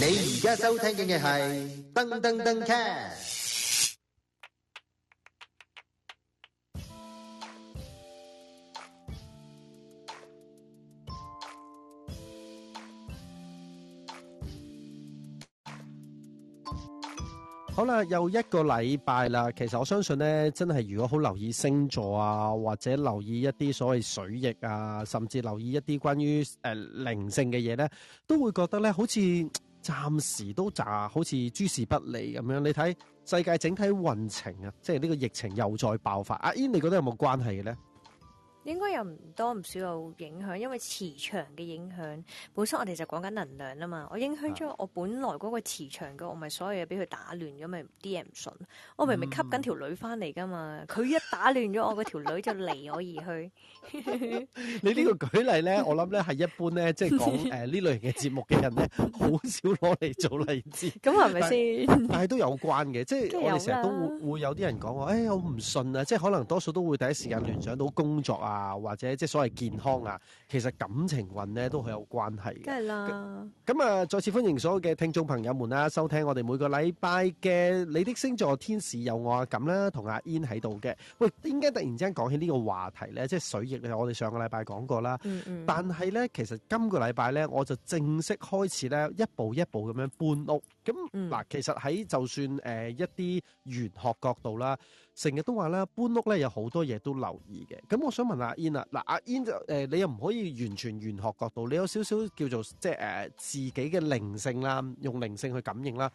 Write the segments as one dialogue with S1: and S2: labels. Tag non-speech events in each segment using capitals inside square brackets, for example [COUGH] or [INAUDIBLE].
S1: 你而家收聽嘅係噔噔噔 cast。
S2: 好啦，又一個禮拜啦。其實我相信咧，真係如果好留意星座啊，或者留意一啲所謂水逆啊，甚至留意一啲關於誒靈性嘅嘢咧，都會覺得咧好似。暫時都炸，好似諸事不利咁樣，你睇世界整體運程啊，即係呢個疫情又再爆發，啊，阿 In 你覺得有冇關係嘅呢？
S3: 應該又唔多唔少有影響，因為磁場嘅影響。本身我哋就講緊能量啊嘛，我影響咗我本來嗰個磁場嘅，我咪所有嘢俾佢打亂咗，咪啲嘢唔順。我明明吸緊條女翻嚟㗎嘛，佢、嗯、一打亂咗我嗰條 [LAUGHS] 女就離我而去。 [LAUGHS]
S2: 你呢個舉例咧，我諗咧係一般咧，即、就、係、是、講呢、呃、 [LAUGHS] 呢類型嘅節目嘅人咧，好少攞嚟做例子。咁係咪先？但係都有關嘅，即係我哋成日都會有啲人講、哎、我，誒我唔信啊！即係可能多數都會第一時間聯想到工作啊。啊，或者即係所謂健康啊、嗯，其實感情運咧都好有關係
S3: 嘅。梗
S2: 係、嗯、啦。咁啊，再次歡迎所有嘅聽眾朋友們啦，收聽我哋每個禮拜嘅你的星座天使有我咁啦，同阿 In 喺度嘅。喂，點解突然之間講起呢個話題咧？即係水逆咧，我哋上個禮拜講過啦、嗯嗯。但係咧，其實今個禮拜咧，我就正式開始咧，一步一步咁樣搬屋。咁嗱、嗯，其實喺就算誒、呃、一啲玄學角度啦。成日都話啦，搬屋咧有好多嘢都留意嘅。咁我想問阿 In 啦，嗱阿 In，就你又唔可以完全玄學角度，你有少少叫做即係、呃、自己嘅靈性啦，用靈性去感應啦。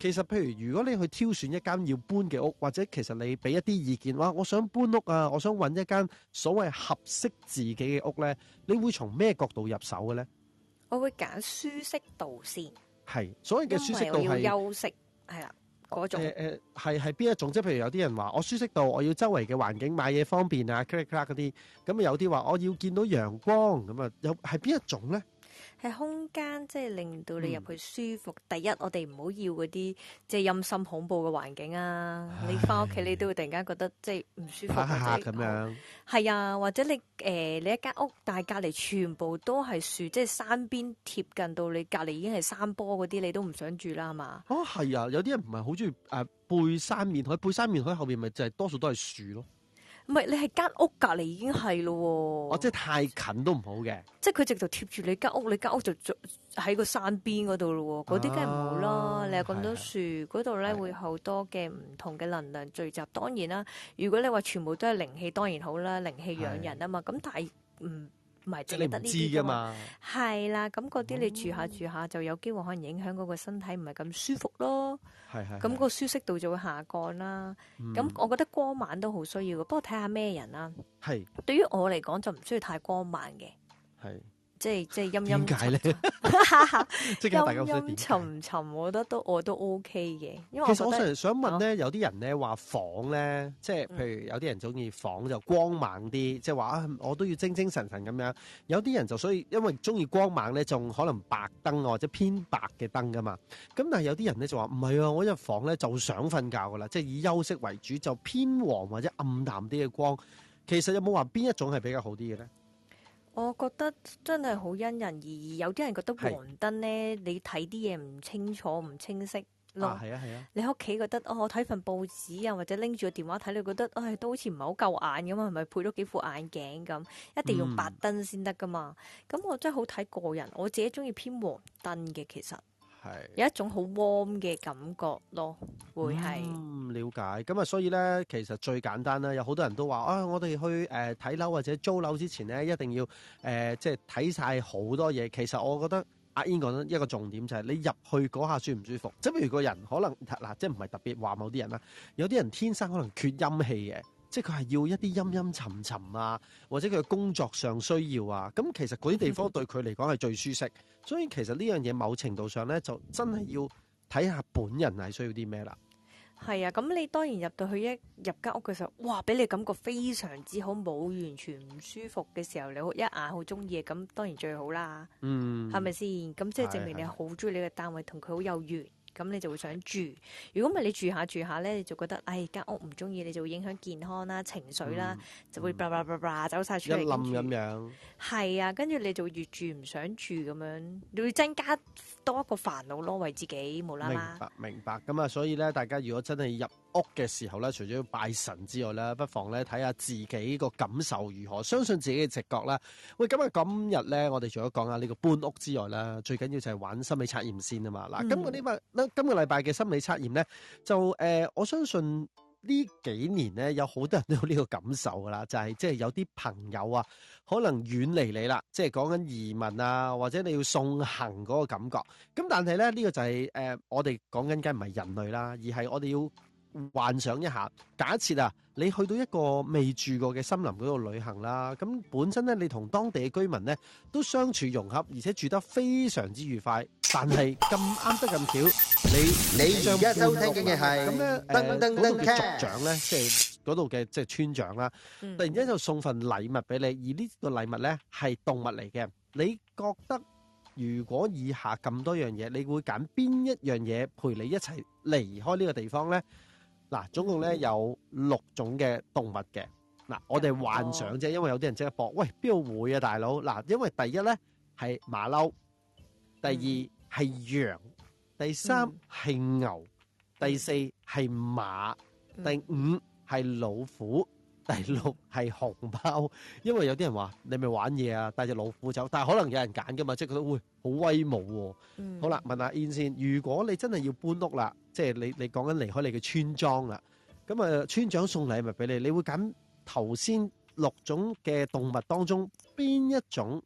S2: 其實譬如如果你去挑選一間要搬嘅屋，或者其實你俾一啲意見話，我想搬屋啊，我想揾一間所謂合適自己嘅屋咧，你會從咩角度入手嘅咧？
S3: 我會揀舒適度先，
S2: 係，所以嘅舒適度係。因為我要
S3: 休息，係啦。
S2: 誒誒係係，邊一種？即係譬如有啲人話我舒適度，我要周圍嘅環境買嘢方便啊，click click 嗰啲，咁有啲話我要見到陽光咁啊，有係邊一種咧？
S3: 喺空間即係令到你入去舒服、嗯。第一，我哋唔好要嗰啲即係陰森恐怖嘅環境啊！你翻屋企你都會突然間覺得即係唔舒服、啊。咁樣。係、哦、啊，或者你、呃、你一間屋，但係隔離全部都係樹，即係山邊貼近到你隔離已經係山坡嗰啲，你都唔想住啦嘛。哦，
S2: 係啊，有啲人唔係好中意背山面海，背山面海後面咪就係、係、多數都係樹咯。
S3: 唔係你係間屋隔離已經係咯喎！哦，
S2: 即係太近都唔好嘅。
S3: 即係佢直頭貼住你間屋，你間屋就喺個山邊嗰度咯喎，嗰啲梗係唔好啦、啊。你有咁多樹嗰度咧，嗰度會好多嘅唔同嘅能量聚集。當然啦，如果你話全部都係靈氣，當然好啦，靈氣養人啊嘛。咁但係唔唔係即係你得知啲嘛？係啦，咁嗰啲你住下住下就有機會可能影響嗰個身體唔係咁舒服咯。咁、那個舒適度就會下降啦。咁、嗯、我覺得光猛都好需要嘅，不過睇下咩人啦、啊。係，對於我嚟講就唔需要太光猛嘅。係。即係即係陰陰沉即係 [LAUGHS] 大家點？陰陰沉沉，我覺得都我都 O K 嘅，因為
S1: 我其實我成日
S2: 想問咧、哦，有啲人咧話房咧，即係譬如有啲人中意房就光猛啲，嗯，即係話啊，我都要精精神神咁樣。有啲人就所以因為中意光猛咧，就可能白燈或者偏白嘅燈噶嘛。咁但係有啲人咧就話唔係啊，我一入房咧就想瞓覺噶啦，即係以休息為主，就偏黃或者暗淡啲嘅光。其實有冇話邊一種係比較好啲嘅咧？
S3: 我覺得真係好因人而異，有啲人覺得黃燈呢，你睇啲嘢唔清楚、唔清晰咯。啊，係啊，係啊！你喺屋企覺得哦，我睇份報紙啊，或者拎住個電話睇，你覺得唉、哎、都好似唔係好夠眼咁啊，係咪配咗幾副眼鏡咁？一定要白燈先得噶嘛。咁、嗯、我真係好睇個人，我自己鍾意偏黃燈嘅其實。係有一種好 warm 嘅感覺咯，會係
S2: 嗯瞭解咁啊，所以咧其實最簡單啦。有好多人都話啊，我哋去誒睇樓或者租樓之前咧，一定要誒、呃、即係睇晒好多嘢。其實我覺得阿 In 講得一個重點就係、是、你入去嗰下舒唔舒服，即係譬如個人可能嗱，即係唔係特別話某啲人啦，有啲人天生可能缺陰氣嘅。即係佢係要一啲陰陰沉沉啊，或者佢嘅工作上需要啊，咁其實嗰啲地方對佢嚟講係最舒適。 [LAUGHS] 所以其實呢樣嘢某程度上咧，就真係要睇下本人係需要啲咩啦。
S3: 係啊，咁你當然入到去一入間屋嘅時候，哇，俾你感覺非常之好，冇完全唔舒服嘅時候，你一眼好中意嘅，咁當然最好啦。
S1: 嗯，係咪先？
S3: 咁即係證明你好中意你個單位，同佢好有緣。咁你就會想住，如果唔係你住下住下咧，你就覺得唉，間、哎、屋唔中意，你就會影響健康啦、啊、情緒啦、啊嗯，就會叭叭叭叭走晒出嚟住一冧咁樣，係啊，跟住你就越住唔想住咁樣，你會增加多一個煩惱咯，為自己冇啦啦，明
S2: 白明白，咁啊，所以咧，大家如果真係入屋嘅時候咧，除咗要拜神之外咧，不妨咧睇下自己個感受如何，相信自己嘅直覺啦。喂，今日今日咧，我哋除咗講下呢個搬屋之外啦，最緊要就係玩心理測驗先啊嘛。嗱、嗯，今個禮拜咧，今個禮拜嘅心理測驗咧，就誒、呃，我相信呢幾年咧，有好多人都有呢個感受噶啦，就係、是、即係有啲朋友啊，可能遠離你啦，即係講緊移民啊，或者你要送行嗰個感覺。咁但係咧，呢、這個就係、是、誒、呃，我哋講緊梗唔係人類啦，而係我哋要。幻想一下，假設啊，你去到一個未住過嘅森林嗰度旅行啦，咁本身咧，你同當地嘅居民咧都相處融洽，而且住得非常之愉快。但係咁啱得咁巧，你你而家收聽嘅係，嗰個嘅族長咧，即係嗰度嘅即係村長啦，突然之間就送份禮物俾你，而呢個禮物咧係動物嚟嘅。你覺得如果以下咁多樣嘢，你會揀邊一樣嘢陪你一齊離開呢個地方咧？嗱，總共咧有六種嘅動物嘅。嗱、嗯，我哋幻想啫，因為有啲人即刻博，喂邊度會啊，大佬！嗱，因為第一咧係馬騮，第二係羊，第三係牛，嗯，第四係馬，嗯，第五係老虎，第六係熊貓。因為有啲人話你咪玩嘢啊，帶隻老虎走，但係可能有人揀噶嘛，即係覺得會好威武喎，啊嗯。好啦，問下阿 In 先，如果你真係要搬屋啦。即係你你講緊離開你嘅村莊啦，咁啊村長送禮物俾你，你會揀頭先六種嘅動物當中邊一種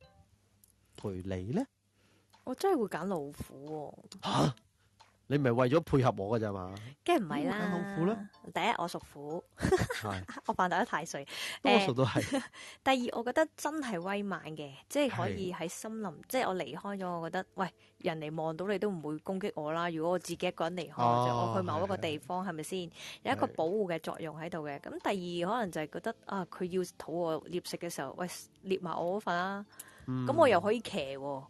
S2: 陪你咧？
S3: 我真係會揀老虎喎、哦。啊。
S2: 你唔係為咗配合我噶咋嘛？
S1: 梗係唔係啦？
S3: 苦第一我屬虎，
S1: 我犯得咗太歲，
S3: 多數都係。第二我覺得真係威猛嘅， [LAUGHS] 即係可以喺森林，即係我離開咗，我覺得喂人哋望到你都唔會攻擊我啦。如果我自己一個人離開，啊、我去某一個地方，係咪先有一個保護嘅作用喺度嘅？咁第二可能就係覺得啊，佢要討我獵食嘅時候，喂獵埋我份啦、啊。咁、嗯、我又可以騎喎、啊。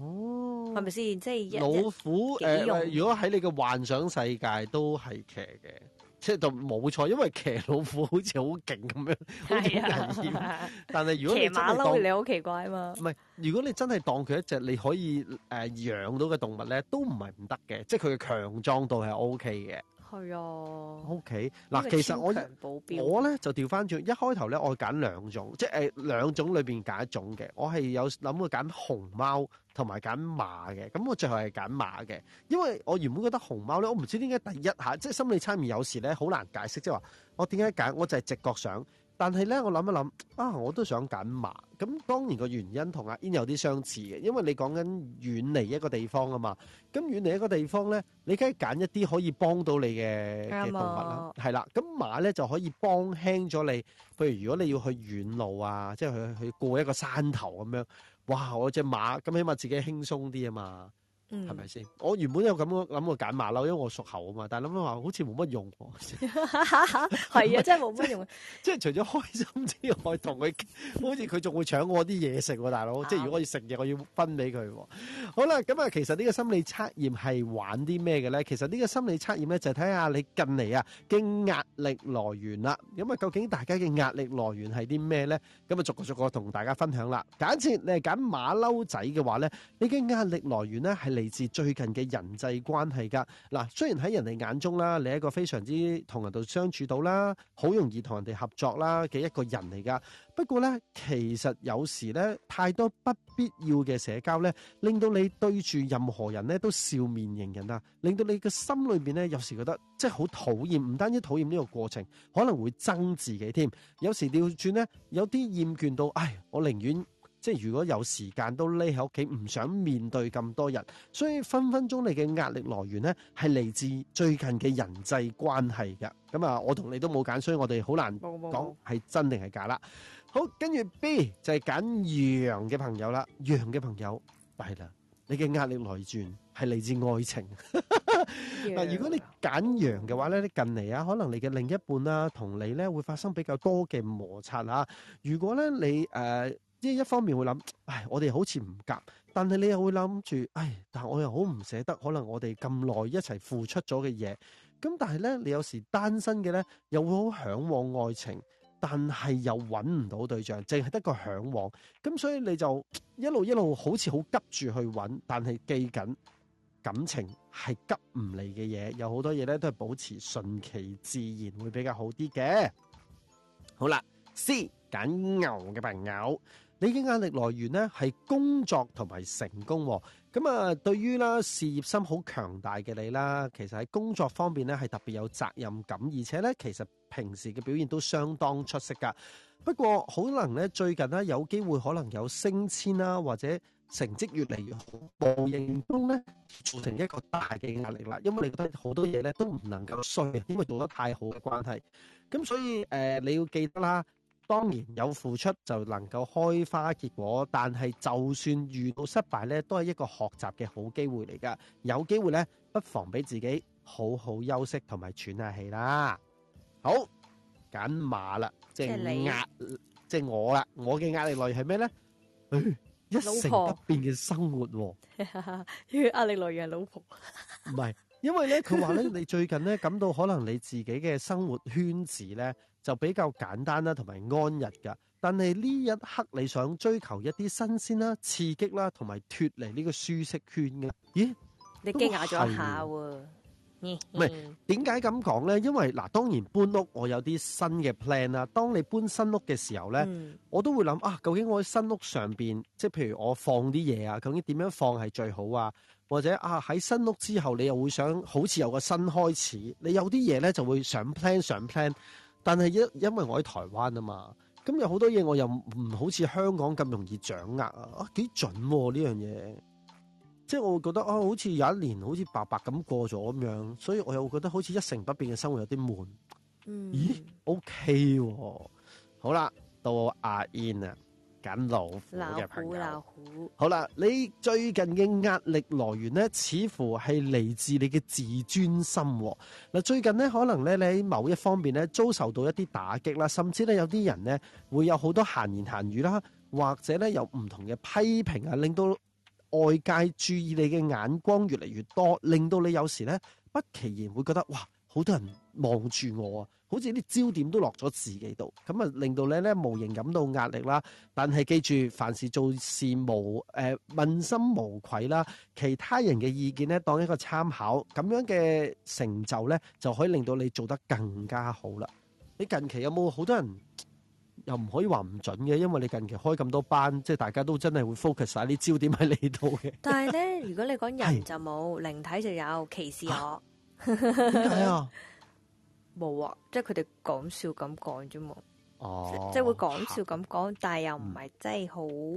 S3: 哦，係咪先？即係老虎誒、呃，如
S2: 果喺你嘅幻想世界都係騎嘅，即係就冇錯，因為騎老虎好似好勁咁樣，好似好危險 [LAUGHS] 但係如果真係騎馬騮你好
S3: 奇怪啊嘛？
S2: 唔係，如果你真係當佢一隻你可以誒、呃、養到嘅動物咧，都唔係唔得嘅，即係佢嘅強壯度係 O K 嘅。係啊，OK 嗱，其實我我咧就調翻轉，一開頭咧我揀兩種，即係兩種裏面揀一種嘅。我係有諗過揀熊貓同埋揀馬嘅，咁我最後係揀馬嘅，因為我原本覺得熊貓咧，我唔知點解第一下，即係心理差異有時咧好難解釋，即係話我點解揀，我就係直覺上。但係咧，我諗一諗啊，我都想揀馬。咁當然個原因同阿 In 有啲相似嘅，因為你講緊遠離一個地方啊嘛。咁遠離一個地方咧，你梗係揀一啲可以幫到你嘅動物啦。係啦，咁馬咧就可以幫輕咗你。譬如如果你要去遠路啊，即係去去過一個山頭咁樣，哇！我隻馬咁起碼自己輕鬆啲啊嘛。係咪先？我原本有咁樣諗過揀馬騮，因為我屬猴啊嘛。但諗諗話，好似冇乜用。係
S3: [LAUGHS] 啊是的， [LAUGHS] 真係冇乜用。
S2: 即 [LAUGHS] 係除咗開心之外，同 [LAUGHS] 佢好似佢仲會搶我啲嘢食，大佬。即係如果我要食嘢，我要分俾佢，啊。好啦，咁啊，其實呢個心理測驗係玩啲咩嘅咧？其實呢個心理測驗咧，就係睇下你近嚟啊嘅壓力來源啦。咁啊，究竟大家嘅壓力來源係啲咩咧？咁啊，逐個逐個同大家分享啦。假設你係揀馬騮仔嘅話咧，你嘅壓力來源咧係。嚟自最近嘅人際關係㗎，嗱，雖然喺人哋眼中啦，你係一個非常之同人哋相處到啦，好容易同人哋合作啦嘅一個人嚟㗎。不過咧，其實有時咧，太多不必要嘅社交咧，令到你對住任何人咧都笑面迎人啊，令到你嘅心裏面咧有時覺得即係好討厭，唔單止討厭呢個過程，可能會憎自己添。有時調轉咧，有啲厭倦到，唉，我寧願。即係如果有時間都匿喺屋企，唔想面對咁多人，所以分分鐘你嘅壓力來源咧係嚟自最近嘅人際關係㗎。咁啊，我同你都冇揀，所以我哋好難講係真定係假啦。好，跟住 B 就係揀羊嘅朋友啦，羊嘅朋友係啦、就是，你嘅壓力來源係嚟自愛情。嗱， [LAUGHS] 如果你揀羊嘅話咧，你近嚟啊，可能你嘅另一半啊同你咧會發生比較多嘅摩擦吓。如果咧你誒，呃即係一方面會諗，唉，我哋好似唔夾，但係你又會諗住，唉，但係我又好唔捨得，可能我哋咁耐一齊付出咗嘅嘢，咁但係咧，你有時單身嘅咧，又會好嚮往愛情，但係又搵唔到對象，淨係得個嚮往，咁所以你就一路一路好似好急住去搵，但係記緊感情係急唔嚟嘅嘢，有好多嘢咧都係保持順其自然會比較好啲嘅。好啦，C 揀牛嘅朋友。你嘅壓力來源咧係工作同埋成功，啊，咁啊對於啦事業心好強大嘅你啦，其實喺工作方面咧係特別有責任感，而且咧其實平時嘅表現都相當出色噶。不過可能咧最近咧有機會可能有升遷啦，啊，或者成績越嚟越好，無形中咧造成一個大嘅壓力啦。因為你覺得好多嘢咧都唔能夠衰，因為做得太好嘅關係。咁所以誒、呃、你要記得啦。當然有付出就能夠開花結果，但係就算遇到失敗咧，都係一個學習嘅好機會嚟噶。有機會咧，不妨俾自己好好休息同埋喘下氣啦。好，揀馬啦，即係壓，係你，即係我啦。我嘅壓力來源係咩咧？誒，
S1: 一成不
S2: 變嘅生活。
S3: 壓力來源係老婆。
S2: 唔 [LAUGHS] 係， [LAUGHS] 因為咧佢話咧，呢 [LAUGHS] 你最近咧感到可能你自己嘅生活圈子咧。.就比較簡單啦，同埋安逸噶。但係呢一刻，你想追求一啲新鮮啦、刺激啦，同埋脫離呢個舒適圈嘅？咦？你驚訝咗一下喎？
S3: 唔係，
S2: 點解咁講呢？因為嗱，當然搬屋，我有啲新嘅 plan 啦。當你搬新屋嘅時候呢、嗯，我都會諗啊，究竟我喺新屋上面，即譬如我放啲嘢啊，究竟點樣放係最好啊？或者啊，喺新屋之後，你又會想好似有個新開始，你有啲嘢呢就會想 plan 想 plan。但係一因為我喺台灣啊嘛，咁有好多嘢我又唔好似香港咁容易掌握啊，幾準呢樣嘢，即係我會覺得啊，好似有一年好似白白咁過咗咁樣，所以我又會覺得好似一成不變嘅生活有啲悶、嗯。咦？OK 喎、啊，好啦，到我阿 In 啊。揀老虎嘅朋友好啦，你最近嘅壓力來源呢，似乎係嚟自你嘅自尊心。嗱，最近呢，可能咧，你喺某一方面咧，遭受到一啲打擊啦，甚至咧，有啲人呢會有好多閒言閒語啦，或者咧，有唔同嘅批評啊，令到外界注意你嘅眼光越嚟越多，令到你有時咧，不其然會覺得哇，好多人望住我啊！好似啲焦點都落咗自己度，咁啊令到你咧，無形感到壓力啦。但係記住，凡事做事無誒、呃、問心無愧啦。其他人嘅意見咧，當一個參考，咁樣嘅成就咧，就可以令到你做得更加好啦。你近期有冇好多人又唔可以話唔準嘅？因為你近期開咁多班，即係大家都真係會 focus 晒啲焦點喺你度嘅。
S3: 但係咧，如果你講人就冇，靈體就有歧視我。點解啊？ [LAUGHS] 冇啊，即係佢哋講笑咁講啫嘛，即係會講笑咁講、嗯，但係又唔係真係好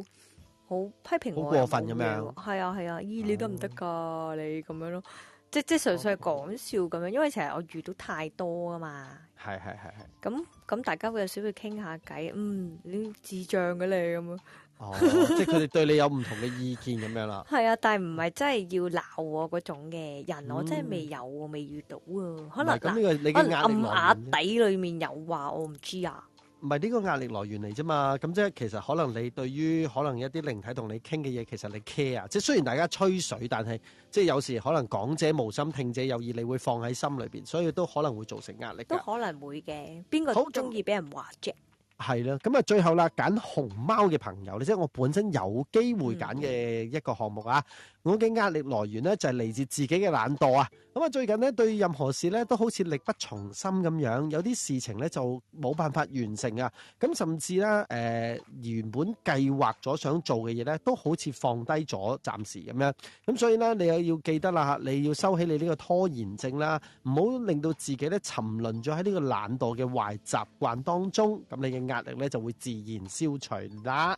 S3: 好批評我過分咁樣，係啊係啊，咦、啊，你都唔得噶，你咁樣咯，即即純粹係講笑咁樣，因為成日我遇到太多啊嘛，
S2: 係係係係，
S3: 咁咁大家會有少少傾下偈，嗯，你智障嘅你咁樣。哦， [LAUGHS] 即係佢哋
S2: 對你有唔同嘅意見咁樣啦。係
S3: [LAUGHS] 啊，但係唔係真係要鬧我嗰種嘅人我的沒、嗯，我真係未有，未遇到啊。可能咁呢個你嘅暗啞底裡面有話，我唔知啊。
S2: 唔係呢個壓力來源嚟啫嘛。咁即係其實可能你對於可能一啲靈體同你傾嘅嘢，其實你 care 啊。即係雖然大家吹水，但係即係有時可能講者無心，聽者有意，你會放喺心裏邊，所以都可能會造成壓力。都
S3: 可能會嘅，邊個都中意俾人話啫。
S2: 係啦，咁啊，最後啦，揀熊貓嘅朋友，即係我本身有機會揀嘅一個項目啊，嗯。我嘅壓力來源咧就係嚟自自己嘅懶惰啊。咁啊，最近咧對任何事咧都好似力不從心咁樣，有啲事情咧就冇辦法完成啊。咁甚至啦，誒、呃，原本計劃咗想做嘅嘢咧，都好似放低咗，暫時咁樣。咁所以咧，你又要記得啦，你要收起你呢個拖延症啦，唔好令到自己咧沉淪咗喺呢個懶惰嘅壞習慣當中。咁你應。壓力咧就會自然消除啦。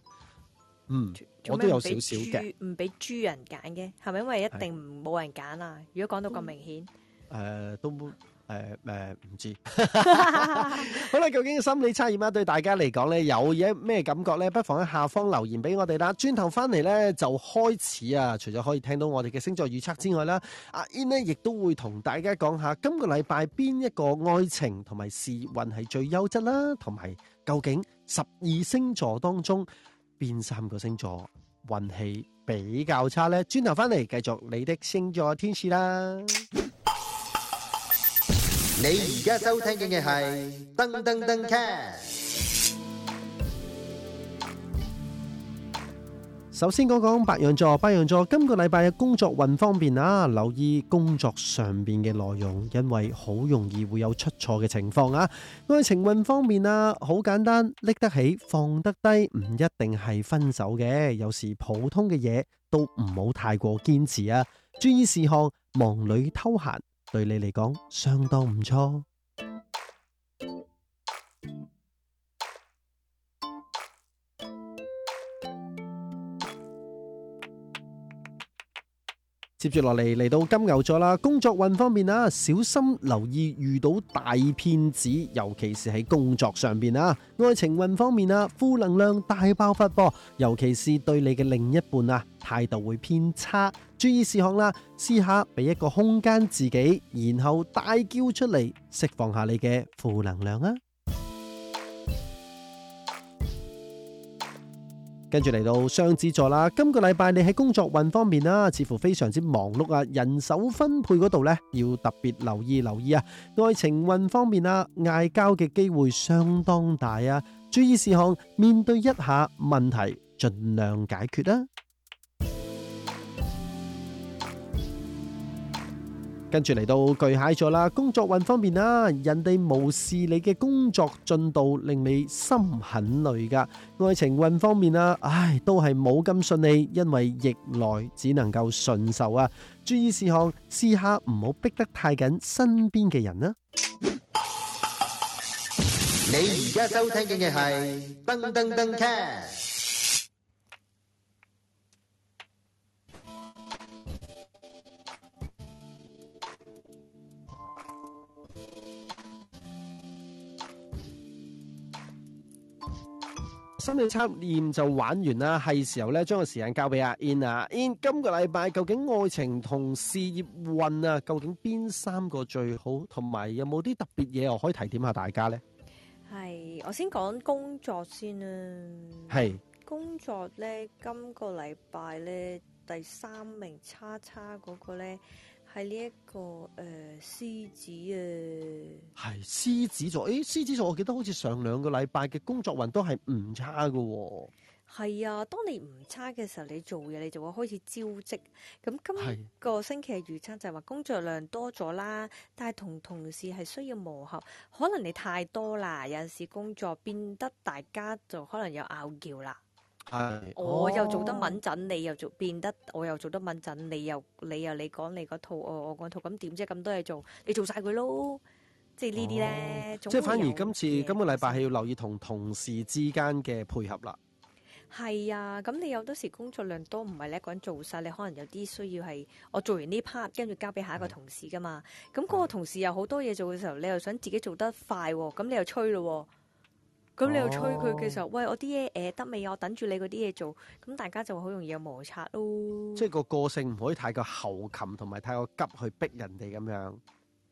S2: 嗯，我都有少少嘅，
S3: 唔俾豬人揀嘅，係咪因為一定唔冇人揀啊？如果講到咁明顯，
S2: 誒都。呃都誒、呃、誒，唔、呃、知 [LAUGHS] [LAUGHS] [LAUGHS] 好啦。究竟心理測驗啊，對大家嚟講咧，有嘢咩感覺咧？不妨喺下方留言俾我哋啦。轉頭翻嚟咧，就開始啊。除咗可以聽到我哋嘅星座預測之外啦，阿 In 呢亦都會同大家講下今個禮拜邊一個愛情同埋事業運係最優質啦，同埋究竟十二星座當中邊三個星座運氣比較差咧？轉頭翻嚟，繼續你的星座天使啦。
S1: 你而家收聽嘅係燈登登 cast。
S2: 首先講講白羊座，白羊座今個禮拜嘅工作運方面啊，留意工作上邊嘅內容，因為好容易會有出錯嘅情況啊。愛情運方面啊，好簡單，拎得起放得低，唔一定係分手嘅。有時普通嘅嘢都唔好太過堅持啊，注意事項，忙裏偷閒。對你嚟講相當唔錯。接住落嚟嚟到金牛座啦，工作運方面啊，小心留意遇到大騙子，尤其是喺工作上邊啊。愛情運方面啊，負能量大爆發噃，尤其是對你嘅另一半啊，態度會偏差。注意事項啦，試下俾一個空間自己，然後大叫出嚟，釋放下你嘅負能量啊！跟住嚟到雙子座啦，今個禮拜你喺工作運方面啦，似乎非常之忙碌啊，人手分配嗰度呢要特別留意留意啊！愛情運方面啊，嗌交嘅機會相當大啊，注意事項，面對一下問題，盡量解決啦。跟住嚟到巨蟹座啦，工作運方面啊，人哋無視你嘅工作進度，令你心很累噶。愛情運方面啊，唉，都係冇咁順利，因為逆來只能夠順受啊。注意事項，私下唔好逼得太緊身邊
S1: 嘅人啊。你而家收聽緊嘅係燈登登 cat。
S2: 心理測驗就玩完啦，係時候咧將個時間交俾阿 In 啊，In 今個禮拜究竟愛情同事業運啊，究竟邊三個最好，同埋有冇啲特別嘢我可以提點下大家咧？
S3: 係，我先講工作先啊。係工作咧，今個禮拜咧第三名叉叉嗰個咧。係呢一個誒呃、獅子啊，
S2: 係獅子座。誒，獅子座，我記得好似上兩個禮拜嘅工作運都係唔差㗎喎。
S3: 係啊，當你唔差嘅時候，你做嘢你就會開始招積。咁今個星期嘅預測就係話工作量多咗啦，但係同同事係需要磨合，可能你太多啦，有陣時工作變得大家就可能有拗撬啦。
S1: 我又做得敏
S3: 振，你又做變得，我又做得敏振、哦，你又，又你又你講你嗰套，我我嗰套，咁點啫？咁多嘢做，你做晒佢咯，即係呢啲咧、哦，即係反而今次
S2: 今個禮拜係要留意同同事之間嘅配合啦。
S3: 係啊，咁你有多時工作量多，唔係你一個人做晒，你可能有啲需要係我做完呢 part，跟住交俾下一個同事噶嘛。咁嗰個同事又好多嘢做嘅時候，你又想自己做得快、哦，咁你又催咯、哦。咁你又催佢嘅時候，喂，我啲嘢，誒，得未啊？我等住你嗰啲嘢做，咁大家就會好容易有摩擦咯。即係
S2: 個個性唔可以太過猴擒，同埋太過急去逼人哋咁樣。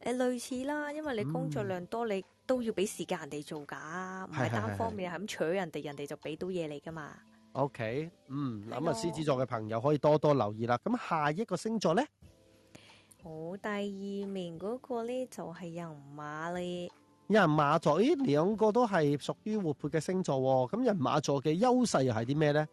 S3: 誒，類似啦，因為你工作量多，你都要俾時間人哋做噶，唔係單方面係咁取人哋，人哋就俾到嘢你噶嘛。
S2: OK，嗯，咁啊，獅子座嘅朋友可以多多留意啦。咁下一個星座咧，
S3: 好，第二名嗰個咧就係人馬咧。
S2: 有人馬座，咦，兩個都係屬於活潑嘅星座喎。咁人馬座嘅優勢又係啲咩咧？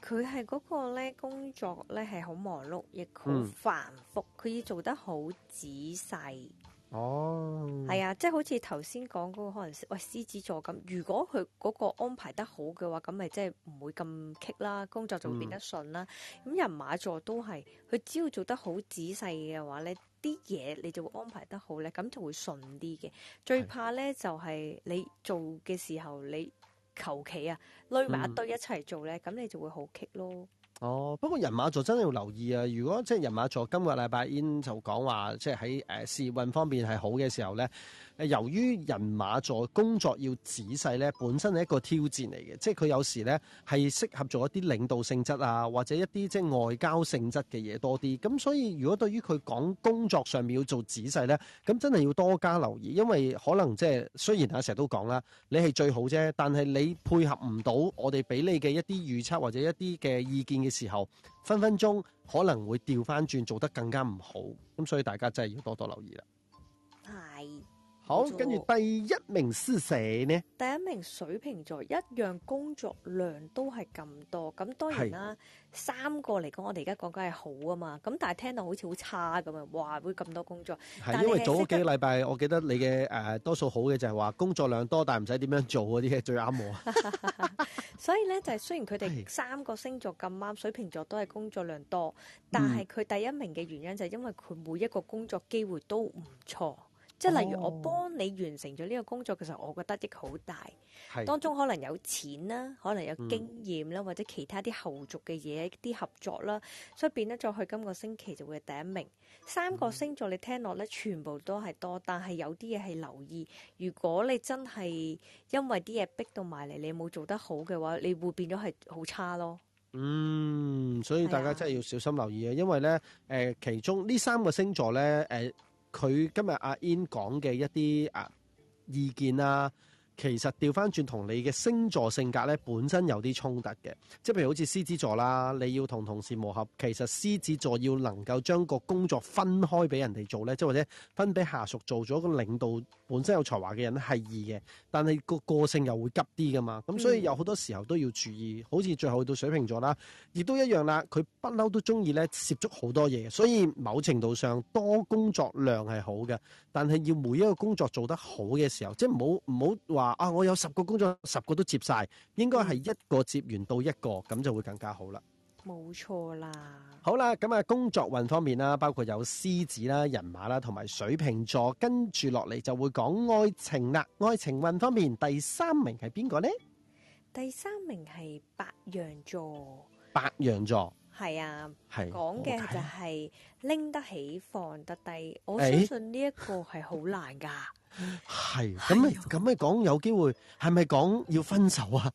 S3: 佢係嗰個咧，工作咧係好忙碌，亦好繁複。佢、嗯、要做得好仔細。
S2: 哦，係啊，即
S3: 係好似頭先講嗰個可能喂獅子座咁。如果佢嗰個安排得好嘅話，咁咪即係唔會咁棘啦，工作就會變得順啦。咁、嗯、人馬座都係佢只要做得好仔細嘅話咧。啲嘢你就會安排得好咧，咁就會順啲嘅。最怕咧就係、是、你做嘅時候，你求其啊，累埋一堆一齊做咧，咁、嗯、你就會好棘咯。
S2: 哦，不過人馬座真係要留意啊！如果即係人馬座今個禮拜 in 就講話，即係喺誒事業運方面係好嘅時候咧。由於人馬座工作要仔細呢，本身係一個挑戰嚟嘅，即係佢有時呢係適合做一啲領導性質啊，或者一啲即係外交性質嘅嘢多啲。咁所以，如果對於佢講工作上面要做仔細呢，咁真係要多加留意，因為可能即係雖然阿成日都講啦，你係最好啫，但係你配合唔到我哋俾你嘅一啲預測或者一啲嘅意見嘅時候，分分鐘可能會掉翻轉，做得更加唔好。咁所以大家真係要多多留意啦。
S3: 好，跟住第一
S2: 名是誰呢？
S3: 第一名水瓶座，一樣工作量都係咁多。咁當然啦，三個嚟講，我哋而家講緊係好啊嘛。咁但係聽到好似好差咁樣，哇！會咁多工作？係因為早幾個禮
S2: 拜，我記得你嘅，誒，多數好嘅就係話工作量多，但係唔使點樣做嗰啲係最啱我。
S3: 所以咧，就係雖然佢哋三個星座咁啱，水瓶座都係工作量多，但係佢第一名嘅原因就係因為佢每一個工作機會都唔錯。即係例如我幫你完成咗呢個工作，其實我覺得，得益好大。係當中可能有錢啦，可能有經驗啦、嗯，或者其他啲後續嘅嘢、啲合作啦，所以變得咗去今個星期就會係第一名。三個星座你聽落咧，全部都係多，嗯、但係有啲嘢係留意。如果你真係因為啲嘢逼到埋嚟，你冇做得好嘅話，你會變咗係好差咯。嗯，
S2: 所以大家真係要小心留意啊，因為咧誒、呃，其中呢三個星座咧誒。呃佢今日阿 In 講嘅一啲啊意見啊，其實調翻轉同你嘅星座性格咧本身有啲衝突嘅，即係譬如好似獅子座啦，你要同同事磨合，其實獅子座要能夠將個工作分開俾人哋做咧，即係或者分俾下屬做咗個領導。本身有才華嘅人係易嘅，但係個個性又會急啲噶嘛，咁所以有好多時候都要注意。好似最後去到水瓶座啦，亦都一樣啦，佢不嬲都中意咧，涉足好多嘢。所以某程度上，多工作量係好嘅，但係要每一個工作做得好嘅時候，即係唔好唔好話啊，我有十個工作，十個都接晒，應該係一個接完到一個，咁就會更加好啦。
S3: 冇錯啦。
S2: 好啦，咁啊，工作運方面啦，包括有獅子啦、人馬啦，同埋水瓶座跟住落嚟就會講愛情啦。愛情運方面，第三名係邊個呢？
S3: 第三名係白羊座。
S2: 白羊座
S3: 係啊，係講嘅就係拎得起放得低。我相信呢一個係好難噶。
S2: 係咁，咁樣講有機會係咪講要分手啊？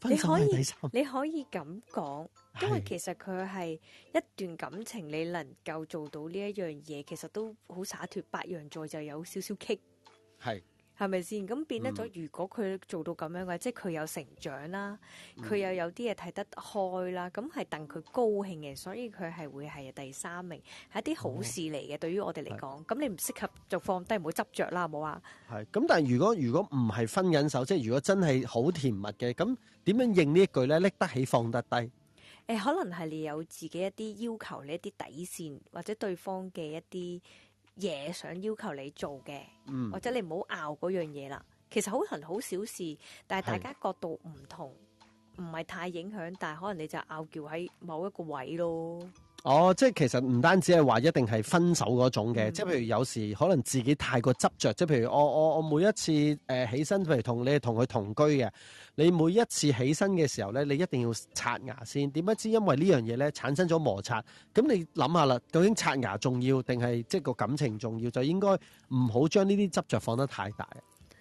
S2: 分手係第三，你
S3: 可以咁講。因為其實佢係一段感情，你能夠做到呢一樣嘢，其實都好灑脫。八羊座就有少少棘，係係咪先咁變得咗？如果佢做到咁樣嘅，即係佢有成長啦，佢又有啲嘢睇得開啦，咁係等佢高興嘅，所以佢係會係第三名係一啲好事嚟嘅。對於我哋嚟講，咁你唔適合就放低，唔好執着啦，好唔好
S2: 啊？係咁，但係如果如果唔係分緊手，即係如果真係好甜蜜嘅，咁點樣認呢一句咧？拎得起，放得低。
S3: 欸、可能係你有自己一啲要求，你一啲底線，或者對方嘅一啲嘢想要求你做嘅、嗯，或者你唔好拗嗰樣嘢啦。其實可能好小事，但係大家角度唔同，唔係太影響，但係可能你就拗撬喺某一個位咯。
S2: 哦，即係其實唔單止係話一定係分手嗰種嘅、嗯，即係譬如有時可能自己太過執着。即係譬如我我我每一次、呃、起身，譬如同你同佢同居嘅，你每一次起身嘅時候咧，你一定要刷牙先。點知因為呢樣嘢咧產生咗摩擦，咁你諗下啦，究竟刷牙重要定係即係個感情重要？就應該唔好將呢啲執着放得太大。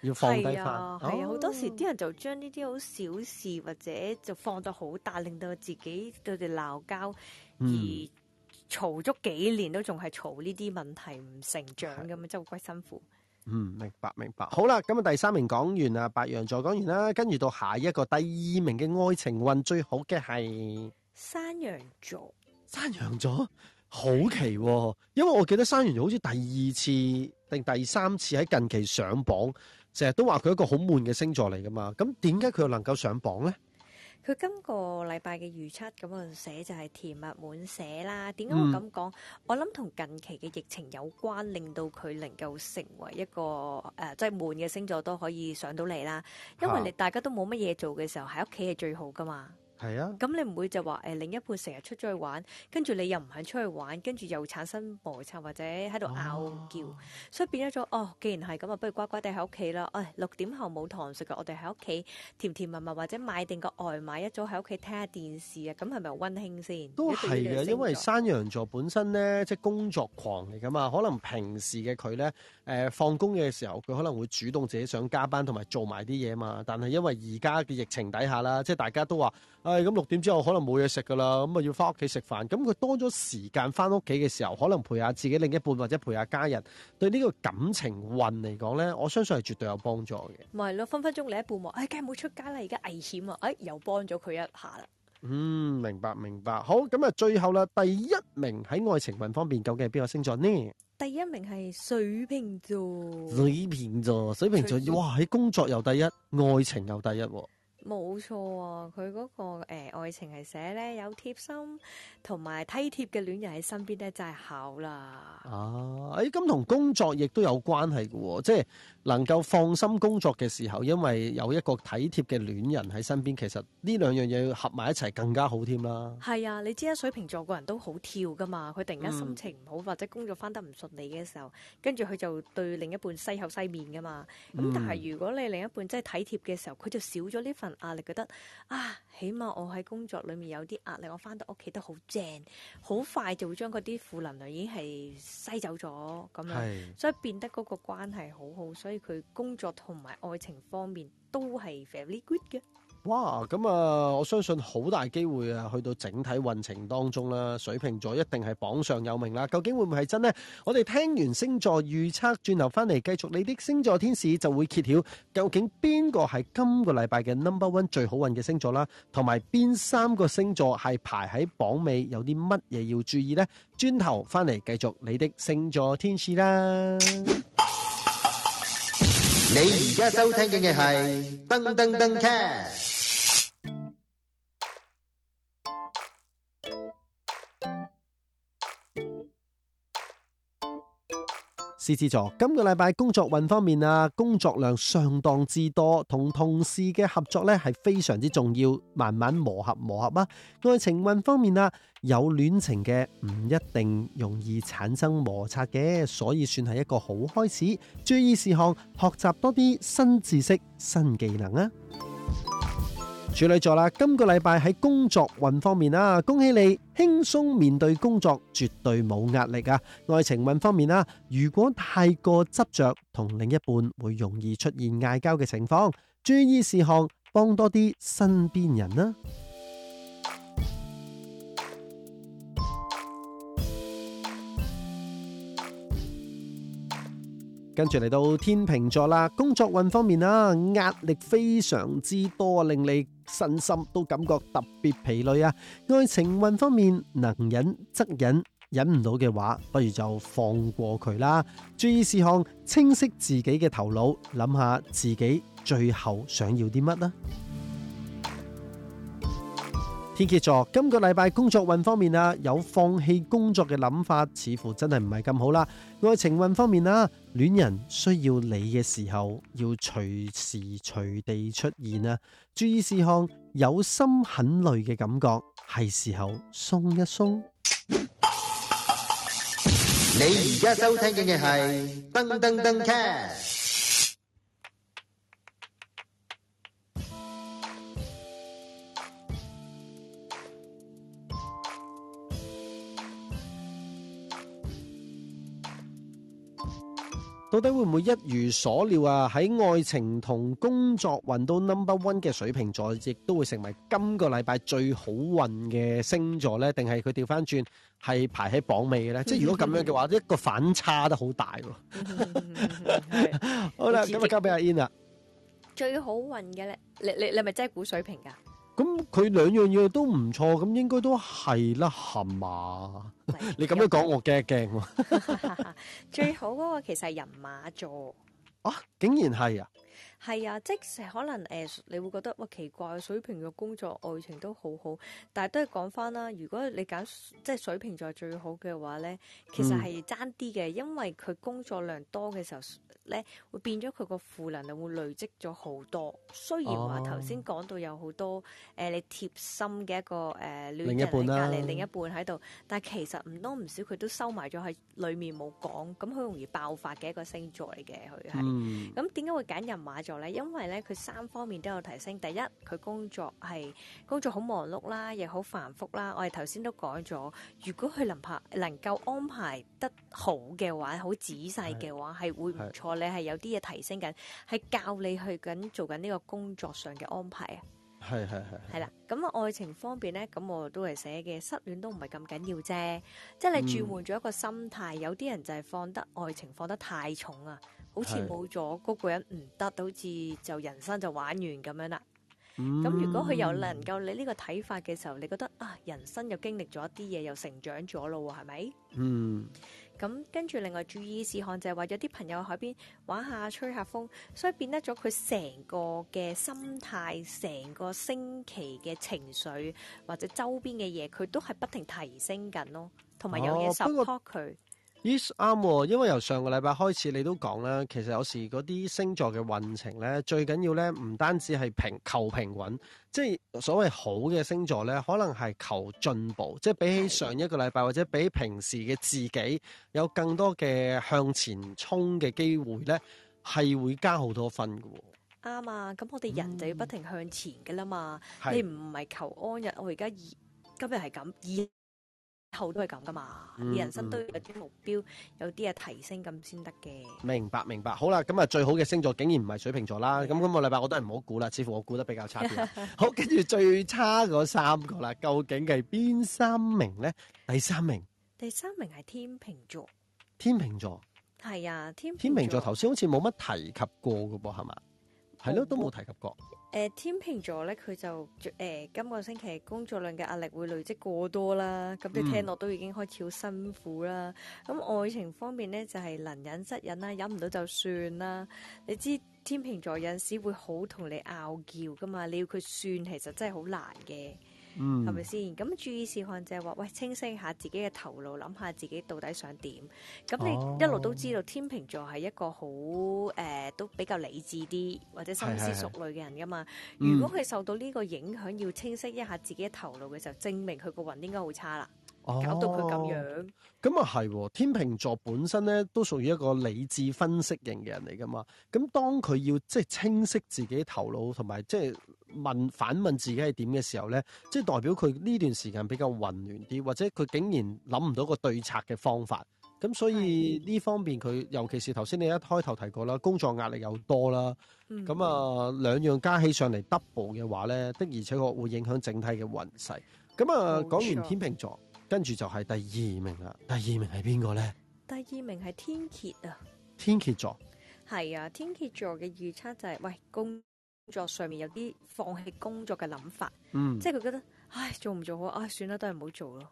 S2: 係啊，係啊！好、oh, 多
S3: 時啲人就將呢啲好小事或者就放到好大，令到自己佢哋鬧交，而嘈咗幾年都仲係嘈呢啲問題唔成長咁樣，真係好鬼辛
S2: 苦。嗯，明白明白。好啦，咁啊，第三名講完啊，白羊座講完啦，跟住到下一個第二名嘅愛情運最好嘅係
S3: 山羊座。山
S2: 羊座，好奇喎，因為我記得山羊座好似第二次定第三次喺近期上榜。成日都話佢一個好悶嘅星座嚟噶嘛，咁點解佢又能夠上榜呢？
S3: 佢今個禮拜嘅預測咁我寫就係甜蜜滿寫啦。點解會咁講？我諗同近期嘅疫情有關，令到佢能夠成為一個誒即係悶嘅星座都可以上到嚟啦。因為你大家都冇乜嘢做嘅時候，喺屋企係最好噶嘛。係啊，咁你唔會就話、呃、另一半成日出咗去玩，跟住你又唔肯出去玩，跟住又產生摩擦或者喺度拗叫，所以變咗咗哦，既然係咁啊，不如乖乖哋喺屋企啦。哎，六點後冇堂食嘅，我哋喺屋企甜甜蜜蜜或者買定個外賣，一早喺屋企睇下電視啊，咁係咪溫馨先？都係嘅、啊，因
S2: 為山羊座本身咧，即係工作狂嚟噶嘛，可能平時嘅佢咧，放工嘅時候，佢可能會主動自己想加班同埋做埋啲嘢嘛。但係因為而家嘅疫情底下啦，即係大家都話。誒咁六點之後可能冇嘢食噶啦，咁啊要翻屋企食飯。咁佢多咗時間翻屋企嘅時候，可能陪下自己另一半或者陪下家人，對呢個感情運嚟講咧，我相信係絕對有幫助嘅。
S3: 咪咯，分分鐘你一半話，誒，梗係冇出街啦，而家危險啊！誒、哎，又幫咗佢一下啦。嗯，
S2: 明白明白。好，咁啊，最後啦，第一名喺愛情運方面究竟係邊個星座呢？
S3: 第一名係水，水瓶座。
S2: 水瓶座，水瓶座，哇！喺工作又第一，愛情又第一。
S3: 冇錯喎，佢嗰個誒愛情係寫咧有貼心同埋體貼嘅戀人喺身邊咧，就係好啦。
S2: 哦，誒咁同工作亦都有關係嘅喎，即係能夠放心工作嘅時候，因為有一個體貼嘅戀人喺身邊，其實呢兩樣嘢合埋一齊更加好添啦。
S3: 係啊，你知啊，水瓶座個人都好跳噶嘛，佢突然間心情唔好或者工作返得唔順利嘅時候，跟住佢就對另一半西口西面噶嘛。
S1: 咁但係如
S3: 果你另一半真係體貼嘅時候，佢就少咗呢份。壓力覺得啊，起碼我喺工作裏面有啲壓力，我翻到屋企都好正，好快就會將嗰啲負能量已經係篩走咗咁樣，所以變得嗰個關係好好，所以佢工作同埋愛情方面都係 very good 嘅。
S2: 哇！咁啊，我相信好大機會啊，去到整體運程當中啦，水瓶座一定係榜上有名啦。究竟會唔會係真呢？我哋聽完星座預測，轉頭翻嚟繼續你的星座天使，就會揭曉究竟邊個係今個禮拜嘅 number one 最好運嘅星座啦，同埋邊三個星座係排喺榜尾，有啲乜嘢要注意呢？轉頭翻嚟繼續你的星座天使啦！
S1: 你而家收聽緊嘅係噔噔噔 cast。
S2: 獅子座今個禮拜工作運方面啊，工作量相當之多，同同事嘅合作咧係非常之重要，慢慢磨合磨合啊。愛情運方面啊，有戀情嘅唔一定容易產生摩擦嘅，所以算係一個好開始。注意事項，學習多啲新知識、新技能啊。處女座啦，今個禮拜喺工作運方面啦，恭喜你輕鬆面對工作，絕對冇壓力啊！愛情運方面啦，如果太過執着，同另一半會容易出現嗌交嘅情況。注意事項，幫多啲身邊人啦。跟住嚟到天平座啦，工作運方面啦，壓力非常之多，令你。身心都感覺特別疲累啊！愛情運方面，能忍則忍，忍唔到嘅話，不如就放過佢啦。注意事項，清晰自己嘅頭腦，諗下自己最後想要啲乜啦。天蠍座今個禮拜工作運方面啊，有放棄工作嘅諗法，似乎真係唔係咁好啦。愛情運方面啊。戀人需要你嘅時候，要隨時隨地出現啊！注意事項，有心很累嘅感覺，係時候鬆一鬆。
S1: 你而家收聽嘅係登登登 c
S2: 到底會唔會一如所料啊？喺愛情同工作運到 number one 嘅水瓶座，亦都會成為今個禮拜最好運嘅星座咧？定係佢調翻轉係排喺榜尾嘅咧？ [LAUGHS] 即係如果咁樣嘅話，一個反差都好大。 [LAUGHS] [LAUGHS] 是 [LAUGHS] 好啦，咁就交俾阿 In 啦。
S3: 最好運嘅咧，你你你係咪真係估水瓶噶？
S2: 咁佢兩樣嘢都唔錯，咁應該都係啦，係、嗯、嘛？ [LAUGHS] 你咁樣講，我驚一驚喎。
S3: [LAUGHS] [LAUGHS] 最好嗰個其實係人馬座。
S2: 啊，竟然係啊！
S3: 係啊，即係可能誒、呃，你會覺得哇奇怪，水瓶嘅工作愛情都好好，但係都係講翻啦。如果你揀即係水瓶座最好嘅話咧，其實係爭啲嘅，因為佢工作量多嘅時候咧，會變咗佢個負能量會累積咗好多。雖然話頭先講到有好多誒、哦呃、你貼心嘅一個誒另一半啦，另一半喺、啊、度，但係其實唔多唔少佢都收埋咗喺裏面冇講，咁好容易爆發嘅一個星座嚟嘅佢係。咁點解會揀人馬？因為咧佢三方面都有提升。第一，佢工作係工作好忙碌啦，亦好繁複啦。我哋頭先都講咗，如果佢能拍能夠安排得好嘅話，好仔細嘅話，係會唔錯。你係有啲嘢提升緊，係教你去緊做緊呢個工作上嘅安排啊。
S2: 係係係。係
S3: 啦，咁愛情方面咧，咁我都係寫嘅，失戀都唔係咁緊要啫。即係你轉換咗一個心態、嗯，有啲人就係放得愛情放得太重啊。好似冇咗嗰個人唔得，好似就人生就玩完咁樣啦。
S1: 咁、嗯、如果佢又能
S3: 夠你呢個睇法嘅時候，你覺得啊，人生又經歷咗啲嘢，又成長咗咯喎，係咪？嗯。咁跟住另外注意事項就係話，有啲朋友去海邊玩下，吹下風，所以變得咗佢成個嘅心態，成個星期嘅情緒或者周邊嘅嘢，佢都係不停提升緊咯，同埋有嘢 support 佢、哦。佢
S2: 咦啱喎，因為由上個禮拜開始，你都講啦，其實有時嗰啲星座嘅運程咧，最緊要咧唔單止係平求平穩，即係所謂好嘅星座咧，可能係求進步，即係比起上一個禮拜或者比平時嘅自己有更多嘅向前衝嘅機會咧，係會加好多分㗎喎。
S3: 啱啊，咁我哋人就要不停向前㗎啦嘛，嗯、你唔係求安逸，我而家今日係咁後都係咁噶嘛、嗯，人生都有啲目標，有啲係提升咁先得嘅。
S2: 明白明白，好啦，咁啊最好嘅星座竟然唔係水瓶座啦，咁今個禮拜我都係唔好估啦，似乎我估得比較差啲。 [LAUGHS] 好，跟住最差嗰三個啦，究竟係邊三名咧？第三名，
S3: 第三名係天秤座。
S2: 天秤座
S3: 係啊，天天秤座
S2: 頭先好似冇乜提及過噶噃，係嘛？係咯，啊，都冇提及過。
S3: 誒、呃、天秤座咧，佢就誒、呃、今個星期工作量嘅壓力會累積過多啦，咁你聽落都已經開始好辛苦啦。咁、嗯、愛情方面咧，就係、是、能忍則忍啦，忍唔到就算啦。你知天秤座有時會好同你拗撬噶嘛，你要佢算，其實真係好難嘅。係咪先？咁注意事項就係、是、話，喂，清晰一下自己嘅頭腦，諗下自己到底想點。咁你一路都知道天秤座係一個好誒、呃，都比較理智啲或者心思熟慮嘅人噶嘛，是是是。如果佢受到呢個影響、嗯，要清晰一下自己頭腦嘅時候，證明佢個運應該好差啦。
S2: 搞到佢咁樣咁啊，係、哦就是、天秤座本身咧都屬於一個理智分析型嘅人嚟噶嘛。咁當佢要即係、就是、清晰自己的頭腦，同埋即係問反問自己係點嘅時候咧，即、就、係、是、代表佢呢段時間比較混亂啲，或者佢竟然諗唔到個對策嘅方法。咁所以呢方面佢尤其是頭先你一開頭提過啦，工作壓力又多啦。咁、嗯、啊，兩樣加起上嚟 double 嘅話咧，的而且確會影響整體嘅運勢。咁啊，講完天秤座。跟住就係第二名啦，第二名係邊個咧？
S3: 第二名係天蠍啊，
S2: 天蠍座
S3: 係啊，天蠍座嘅預測就係、是，喂，工作上面有啲放棄工作嘅諗法，嗯，即係佢覺得，唉，做唔做好啊，算啦，都係唔好做咯，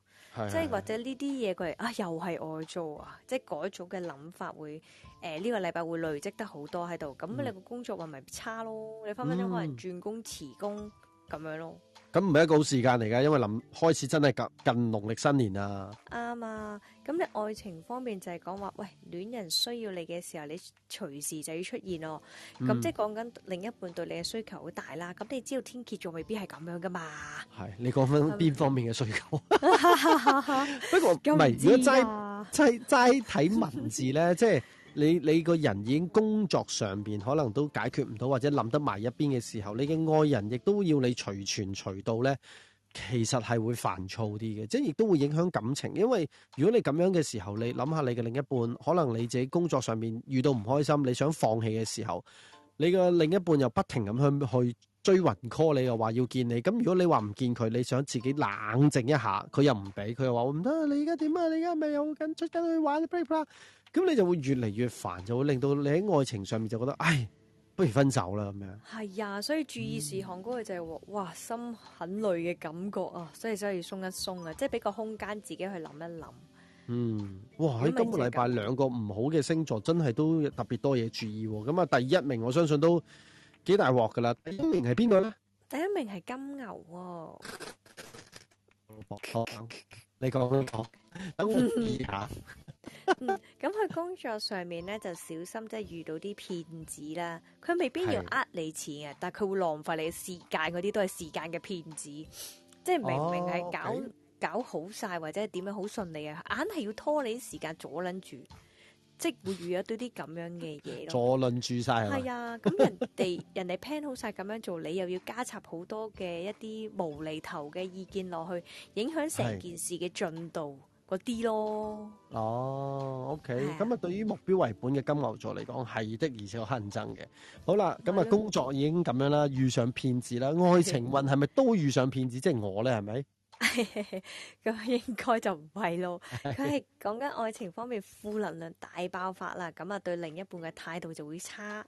S3: 即係或者呢啲嘢佢，啊，又係外做啊，即係改組嘅諗法會，誒、呃，呢、這個禮拜會累積得好多喺度，咁你個工作話咪差咯，嗯、你分分鐘可能轉工辭工。咁樣
S2: 咯，咁唔係一個好時間嚟噶，因為臨開始真係近農曆新年啊，
S3: 啱啊。咁你愛情方面就係講話，喂，戀人需要你嘅時候，你隨時就要出現哦。咁、嗯、即係講緊另一半對你嘅需求好大啦。咁你知道天蠍座未必係咁樣噶嘛？
S2: 係你講緊邊方面嘅需求？係唔
S3: 係 [LAUGHS] [LAUGHS] 不過
S2: 唔係，如果齋齋齋睇文字咧， [LAUGHS] 即係。你你個人已經工作上面可能都解決唔到或者諗得埋一邊嘅時候，你嘅愛人亦都要你隨傳隨到呢，其實係會煩躁啲嘅，即係亦都會影響感情。因為如果你咁樣嘅時候，你諗下你嘅另一半，可能你自己工作上面遇到唔開心，你想放棄嘅時候，你嘅另一半又不停咁去，去追魂 call，你又話要見你。咁如果你話唔見佢，你想自己冷靜一下，佢又唔俾，佢又話唔得，你而家點啊？你而家咪又緊出街去玩 break 咁你就會越嚟越煩，就會令到你喺愛情上面就覺得，唉，不如分手啦咁樣。
S3: 係呀，所以注意事項嗰個就係，哇，心很累嘅感覺啊，所以所以要鬆一鬆啊，即係俾個空間自己去諗一諗。嗯，
S2: 哇，喺今個禮拜兩個唔好嘅星座，真係都特別多嘢注意。咁啊，第一名我相信都幾大鑊噶啦。第一名係邊個咧？
S3: 第一名係金牛。你
S2: 講講，等我記下。
S3: 咁 [LAUGHS] 佢、嗯、工作上面咧就小心，即、就、係、是、遇到啲騙子啦。佢未必要呃你錢呀，但係佢會浪費你嘅時間，嗰啲都係時間嘅騙子。即係明明係搞、oh, okay. 搞好晒，或者係點樣好順利啊，硬係要拖你啲時間阻捻住， [LAUGHS] 即係會遇到啲咁樣嘅嘢咯。 [LAUGHS] 阻
S2: 捻住晒係
S3: 啊！咁 [LAUGHS] 人哋人哋 plan 好晒咁樣做，你又要加插好多嘅一啲無厘頭嘅意見落去，影響成件事嘅進度。嗰
S2: 啲咯，哦、oh,，OK，咁、哎、啊，對於目標為本嘅金牛座嚟講，係的，的，而且好乞憎嘅。好啦，咁啊，工作已經咁樣啦，遇上騙子啦，愛情運係咪都遇上騙子？即 [LAUGHS] 係我咧，係咪？
S3: 咁 [LAUGHS] 應該就唔係咯。佢係講緊愛情方面負能量大爆發啦。咁啊，對另一半嘅態度就會差。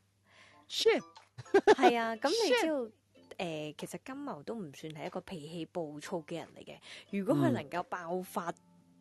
S3: shit， [LAUGHS] 係啊。咁你知道誒、 [LAUGHS] 呃，其實金牛都唔算係一個脾氣暴躁嘅人嚟嘅。如果佢能夠爆發。嗯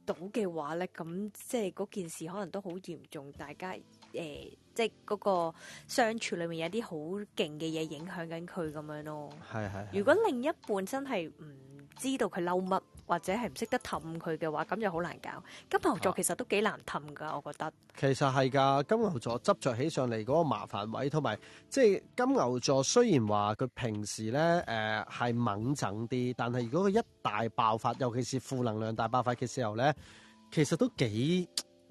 S3: 到嘅話咧，咁即係嗰件事可能都好嚴重，大家誒即係嗰個相處裏面有啲好勁嘅嘢影響緊佢咁樣咯。係係。如果另一半真係唔知道佢嬲乜？或者係唔識得氹佢嘅話，咁又好難搞。金牛座其實都幾難氹㗎，我覺得。
S2: 其實係㗎，金牛座執著起上嚟嗰個麻煩位，同埋即係金牛座雖然話佢平時咧誒係猛整啲，但係如果佢一大爆發，尤其是負能量大爆發嘅時候咧，其實都幾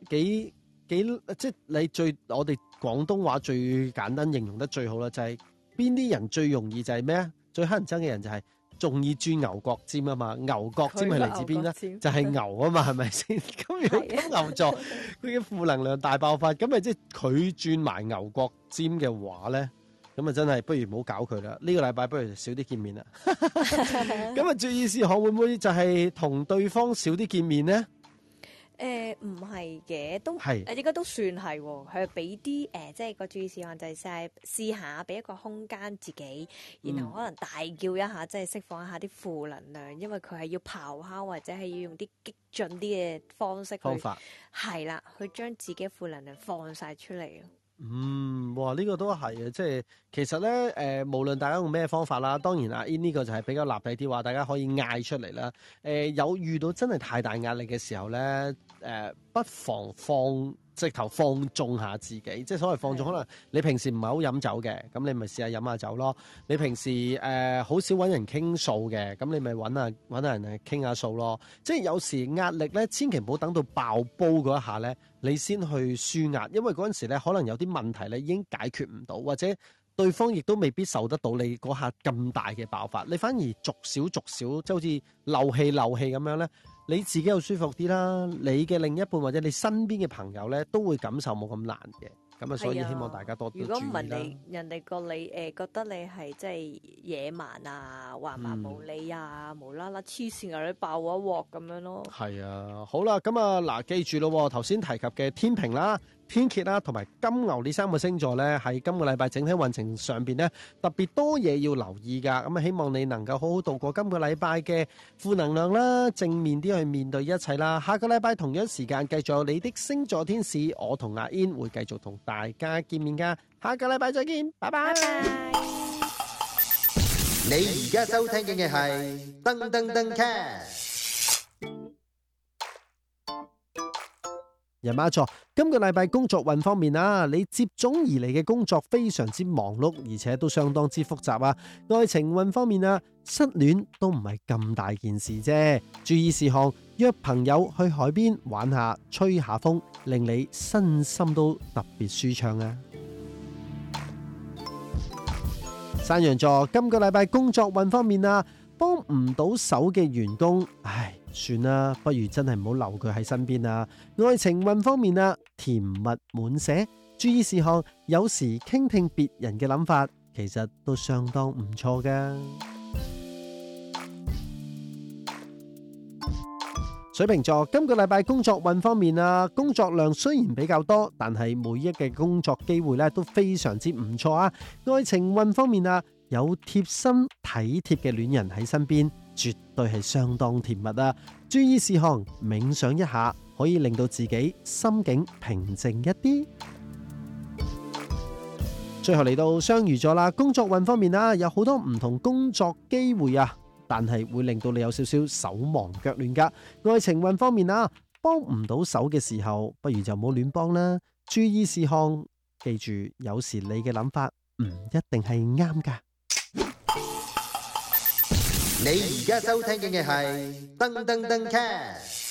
S2: 幾幾，即係你最我哋廣東話最簡單形容得最好啦，就係邊啲人最容易就係咩啊？最乞人憎嘅人就係。中意鑽牛角尖啊嘛，牛角尖係嚟自邊咧？就係、是、牛啊嘛，係咪先？咁樣金牛座佢嘅 [LAUGHS] 負能量大爆發，咁咪即係佢鑽埋牛角尖嘅話咧，咁啊真係不如唔好搞佢啦。呢、這個禮拜不如少啲見面啦。咁啊，注意事項會唔會就係同對方少啲見面咧？
S3: 誒唔係嘅，都誒而家都算係、哦，佢俾啲誒，即係個注意事項就係、是、試下俾一個空間自己，然後可能大叫一下，嗯、即係釋放一下啲負能量，因為佢係要咆哮或者係要用啲激進啲嘅方式去，係啦，去將自己負能量放晒出嚟。
S1: 嗯，
S2: 哇！呢、這個都係啊，即係其實咧，誒、呃，無論大家用咩方法啦，當然啊，呢、這個就係比較立體啲話，大家可以嗌出嚟啦。誒、呃，有遇到真係太大壓力嘅時候咧，誒、呃，不妨放直頭放縱下自己，即係所謂放縱。可能你平時唔係好飲酒嘅，咁你咪試下飲下酒咯。你平時誒好、呃、少搵人傾訴嘅，咁你咪搵下揾下人嚟傾下訴咯。即係有時壓力咧，千祈唔好等到爆煲嗰一下咧。你先去舒壓，因為嗰陣時咧，可能有啲問題咧已經解決唔到，或者對方亦都未必受得到你嗰下咁大嘅爆發。你反而逐少逐少，即好似漏氣漏氣咁樣咧，你自己又舒服啲啦。你嘅另一半或者你身邊嘅朋友咧，都會感受冇咁難嘅。咁啊，所以希望大家多啲、啊。如果唔係你，
S3: 人哋覺你誒、呃、覺得你係即係野蠻啊、橫蠻無理啊、嗯、無啦啦黐線啊，你爆一鑊咁樣咯。
S2: 係啊，好啦，咁啊嗱，記住咯，頭先提及嘅天平啦。天蠍啦，同埋金牛呢三個星座咧，喺今個禮拜整體運程上邊咧，特別多嘢要留意噶。咁啊，希望你能夠好好度過今個禮拜嘅負能量啦，正面啲去面對一切啦。下個禮拜同樣時間，繼續有你的星座天使，我同阿 Ian 阿 In 會繼續同大家見面噶。
S1: 下個禮拜再見，拜拜。你而家收聽緊嘅係噔噔噔 cast。
S2: 人馬座，今個禮拜工作運方面啊，你接踵而嚟嘅工作非常之忙碌，而且都相當之複雜啊。愛情運方面啊，失戀都唔係咁大件事啫。注意事項，約朋友去海邊玩下，吹下風，令你身心都特別舒暢啊。山羊座，今個禮拜工作運方面啊。幫唔到手嘅員工，唉，算啦，不如真係唔好留佢喺身邊啦。愛情運方面啊，甜蜜滿寫。注意事項，有時傾聽別人嘅諗法，其實都相當唔錯噶。水瓶座，今個禮拜工作運方面啊，工作量雖然比較多，但係每一嘅工作機會咧都非常之唔錯啊。愛情運方面啊，有貼心體貼嘅戀人喺身邊，絕對係相當甜蜜啊！注意事項，冥想一下，可以令到自己心境平靜一啲。最後嚟到雙魚座啦，工作運方面啊，有好多唔同工作機會啊，但係會令到你有少少手忙腳亂噶。愛情運方面啊，幫唔到手嘅時候，不如就唔好亂幫啦。注意事項，記住，有時你嘅諗法唔一定係啱噶。
S1: 你而家收聽嘅係噔噔噔 cast。